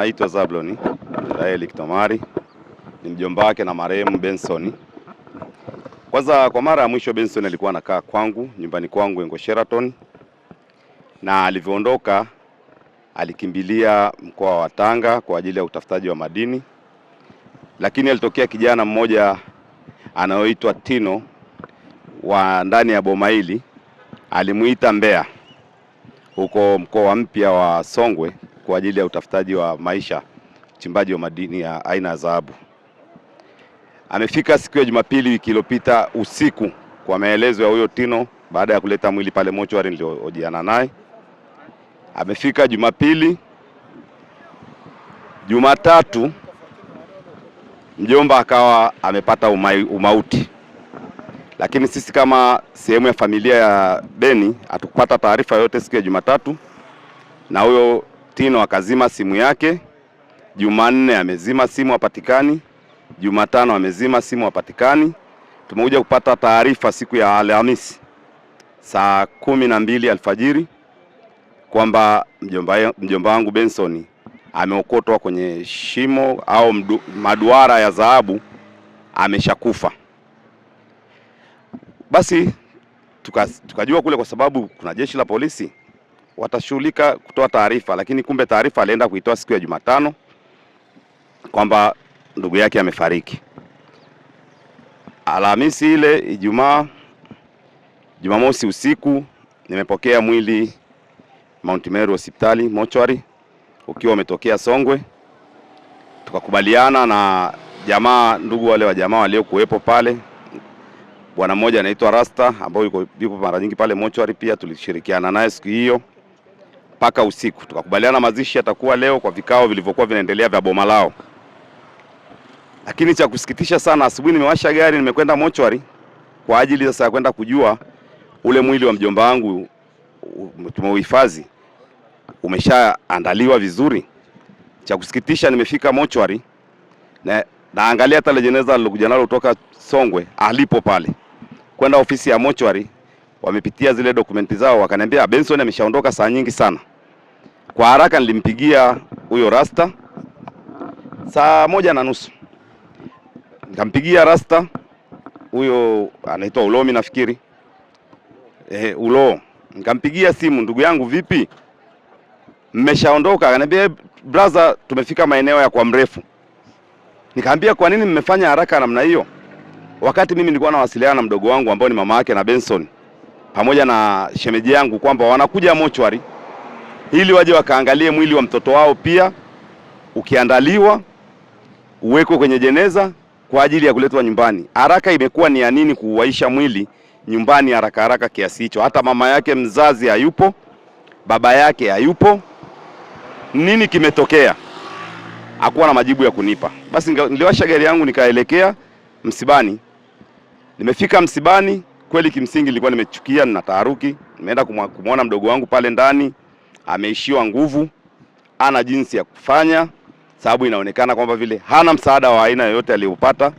Naitwa Zablon Raeli Kitomari, ni mjomba wake na marehemu Benson. Kwanza, kwa mara ya mwisho Benson alikuwa anakaa kwangu nyumbani kwangu Engo Sheraton, na alivyoondoka alikimbilia mkoa wa Tanga kwa ajili ya utafutaji wa madini, lakini alitokea kijana mmoja anayoitwa Tino wa ndani ya boma hili, alimuita Mbea huko mkoa mpya wa Songwe kwa ajili ya utafutaji wa maisha, uchimbaji wa madini ya aina ya dhahabu. Amefika siku ya Jumapili wiki iliyopita usiku kwa maelezo ya huyo Tino, baada ya kuleta mwili pale mochwari niliojiana naye. Amefika Jumapili. Jumatatu mjomba akawa amepata umai, umauti lakini sisi kama sehemu ya familia ya Beni hatukupata taarifa yoyote siku ya Jumatatu, na huyo Tino akazima simu yake. Jumanne amezima simu hapatikani. Jumatano amezima simu hapatikani. Tumekuja kupata taarifa siku ya Alhamisi saa kumi na mbili alfajiri kwamba mjomba, mjomba wangu Benson ameokotwa kwenye shimo au mdu, maduara ya dhahabu, ameshakufa. Basi tukajua tuka kule, kwa sababu kuna jeshi la polisi watashughulika kutoa taarifa, lakini kumbe taarifa alienda kuitoa siku ya Jumatano kwamba ndugu yake amefariki. Alhamisi ile, Ijumaa, Jumamosi usiku nimepokea mwili Mount Meru hospitali mochwari ukiwa umetokea Songwe. Tukakubaliana na jamaa, ndugu wale wa jamaa waliokuwepo pale, bwana mmoja anaitwa Rasta ambaye yuko yupo mara nyingi pale mochwari, pia tulishirikiana naye siku hiyo mpaka usiku. Tukakubaliana mazishi yatakuwa leo kwa vikao vilivyokuwa vinaendelea vya boma lao, lakini cha kusikitisha sana, asubuhi nimewasha gari nimekwenda mochwari kwa ajili sasa ya kwenda kujua ule mwili wa mjomba wangu tumeuhifadhi umeshaandaliwa vizuri. Cha kusikitisha, nimefika mochwari na naangalia hata jeneza lilokuja nalo kutoka Songwe alipo pale, kwenda ofisi ya mochwari, wamepitia zile dokumenti zao, wakaniambia Benson ameshaondoka saa nyingi sana. Kwa haraka nilimpigia huyo Rasta saa moja na nusu, nikampigia Rasta huyo anaitwa Ulomi nafikiri eh, Ulo. Nikampigia simu, ndugu yangu, vipi, mmeshaondoka? Akaniambia eh, brother, tumefika maeneo ya kwa mrefu. Nikaambia kwa nini mmefanya haraka namna hiyo, wakati mimi nilikuwa nawasiliana na mdogo wangu ambao ni mama yake na Benson pamoja na shemeji yangu kwamba wanakuja mochwari ili waje wakaangalie mwili wa mtoto wao pia ukiandaliwa uwekwe kwenye jeneza kwa ajili ya kuletwa nyumbani. Haraka imekuwa ni ya nini kuuaisha mwili nyumbani haraka haraka kiasi hicho? Hata mama yake mzazi hayupo, baba yake hayupo. Nini kimetokea? Hakuwa na majibu ya kunipa. Basi niliwasha gari yangu nikaelekea msibani. Nimefika msibani kweli, kimsingi nilikuwa nimechukia na taharuki. Nimeenda kumwona mdogo wangu pale ndani ameishiwa nguvu, ana jinsi ya kufanya, sababu inaonekana kwamba vile hana msaada wa aina yoyote aliyopata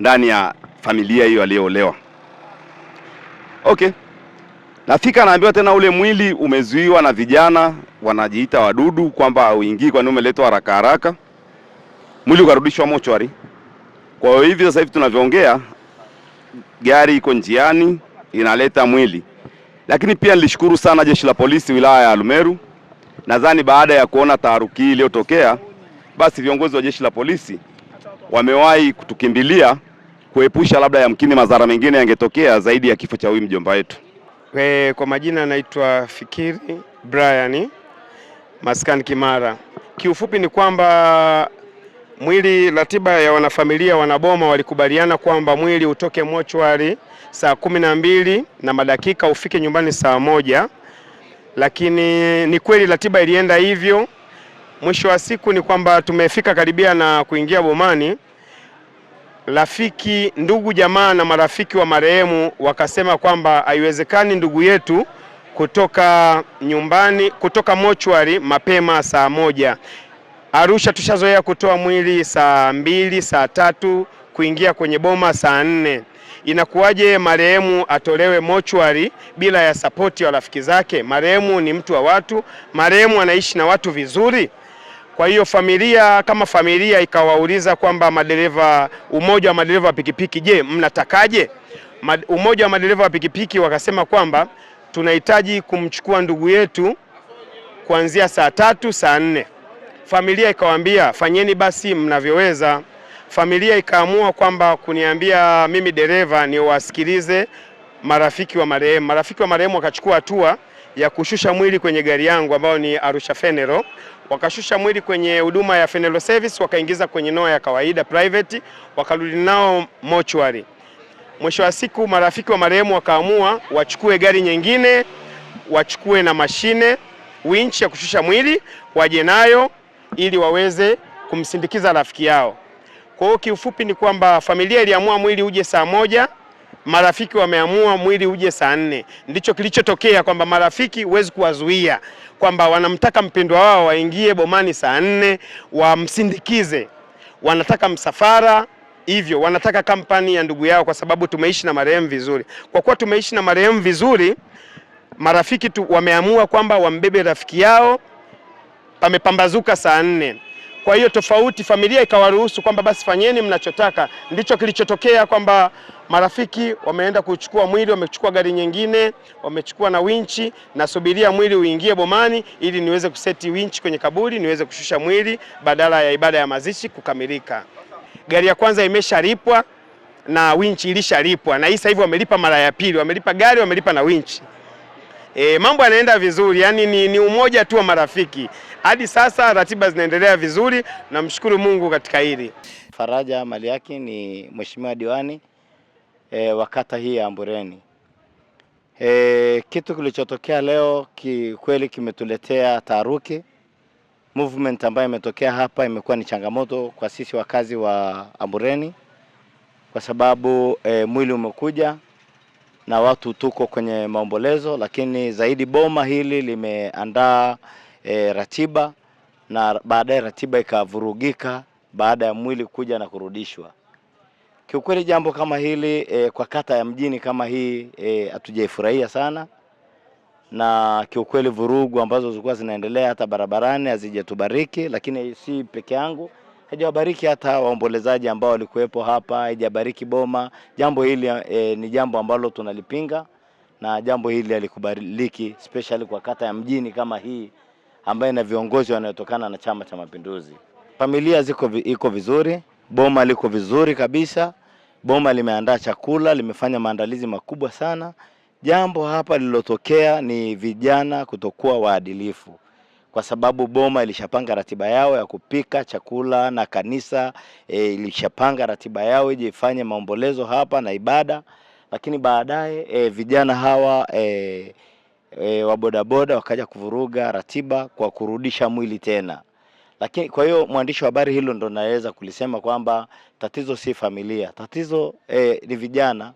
ndani ya familia hiyo aliyoolewa. Okay, nafika naambiwa tena ule mwili umezuiwa na vijana wanajiita wadudu, kwamba hauingii, kwani umeletwa haraka haraka. Mwili ukarudishwa mochwari. Kwa hiyo hivi sasa hivi tunavyoongea, gari iko njiani inaleta mwili lakini pia nilishukuru sana jeshi la polisi wilaya ya Arumeru. Nadhani baada ya kuona taharuki hii iliyotokea, basi viongozi wa jeshi la polisi wamewahi kutukimbilia kuepusha labda yamkini madhara mengine yangetokea zaidi ya kifo cha huyu mjomba wetu. E, kwa majina naitwa Fikiri Brian Maskani Kimara. Kiufupi ni kwamba mwili, ratiba ya wanafamilia wanaboma walikubaliana kwamba mwili utoke mochwari saa kumi na mbili na madakika ufike nyumbani saa moja, lakini ni kweli ratiba ilienda hivyo. Mwisho wa siku ni kwamba tumefika karibia na kuingia bomani, rafiki, ndugu, jamaa na marafiki wa marehemu wakasema kwamba haiwezekani ndugu yetu kutoka nyumbani, kutoka mochwari mapema saa moja. Arusha tushazoea kutoa mwili saa mbili, saa tatu, kuingia kwenye boma saa nne. Inakuwaje marehemu atolewe mochwari bila ya sapoti ya rafiki zake? Marehemu ni mtu wa watu, marehemu anaishi na watu vizuri. Kwa hiyo familia kama familia ikawauliza kwamba madereva, umoja wa madereva wa pikipiki, je, mnatakaje? Umoja wa madereva wa pikipiki wakasema kwamba tunahitaji kumchukua ndugu yetu kuanzia saa tatu saa nne. Familia ikawaambia fanyeni basi mnavyoweza familia ikaamua kwamba kuniambia mimi dereva niwasikilize marafiki wa marehemu. Marafiki wa marehemu wakachukua hatua ya kushusha mwili kwenye gari yangu ambayo ni Arusha fenero wakashusha mwili kwenye huduma ya Fenero service, wakaingiza kwenye noa ya kawaida private, wakarudi nao mochwari. Mwisho wa siku marafiki wa marehemu wakaamua wachukue gari nyingine, wachukue na mashine winch ya kushusha mwili waje nayo ili waweze kumsindikiza rafiki yao. Kwa hiyo kiufupi ni kwamba familia iliamua mwili uje saa moja, marafiki wameamua mwili uje saa nne. Ndicho kilichotokea kwamba marafiki huwezi kuwazuia kwamba wanamtaka mpendwa wao waingie bomani saa nne, wamsindikize, wanataka msafara hivyo wanataka kampani ya ndugu yao, kwa sababu tumeishi na marehemu vizuri. Kwa kuwa tumeishi na marehemu vizuri, marafiki tu wameamua kwamba wambebe rafiki yao, pamepambazuka saa nne. Kwa hiyo tofauti, familia ikawaruhusu kwamba basi fanyeni mnachotaka. Ndicho kilichotokea kwamba marafiki wameenda kuchukua mwili, wamechukua gari nyingine, wamechukua na winchi. Nasubiria mwili uingie bomani ili niweze kuseti winchi kwenye kaburi, niweze kushusha mwili badala ya ibada ya mazishi kukamilika. Gari ya kwanza imeshalipwa na winchi ilishalipwa, na hii sasa hivi wamelipa mara ya pili, wamelipa gari, wamelipa na winchi. E, mambo yanaenda vizuri yani ni, ni umoja tu wa marafiki. Hadi sasa ratiba zinaendelea vizuri, namshukuru Mungu katika hili. Faraja Maliaki ni mheshimiwa diwani e, wa kata hii ya Ambureni. E, kitu kilichotokea leo kikweli kimetuletea taharuki. Movement ambayo imetokea hapa imekuwa ni changamoto kwa sisi wakazi wa Ambureni kwa sababu e, mwili umekuja na watu tuko kwenye maombolezo, lakini zaidi boma hili limeandaa e, ratiba na baadaye ratiba ikavurugika baada ya mwili kuja na kurudishwa. Kiukweli jambo kama hili e, kwa kata ya mjini kama hii eh, hatujaifurahia e, sana, na kiukweli vurugu ambazo zilikuwa zinaendelea hata barabarani hazijatubariki, lakini si peke yangu haijawabariki hata waombolezaji ambao walikuwepo hapa, haijabariki boma. Jambo hili e, ni jambo ambalo tunalipinga na jambo hili halikubaliki, especially kwa kata ya mjini kama hii ambayo ina viongozi wanaotokana na Chama cha Mapinduzi. Familia ziko iko vizuri, boma liko vizuri kabisa. Boma limeandaa chakula, limefanya maandalizi makubwa sana. Jambo hapa lililotokea ni vijana kutokuwa waadilifu kwa sababu boma ilishapanga ratiba yao ya kupika chakula na kanisa e, ilishapanga ratiba yao ije ifanye maombolezo hapa na ibada, lakini baadaye e, vijana hawa e, e, wa bodaboda wakaja kuvuruga ratiba kwa kurudisha mwili tena. Lakini kwa hiyo mwandishi wa habari, hilo ndo naweza kulisema kwamba tatizo si familia, tatizo e, ni vijana.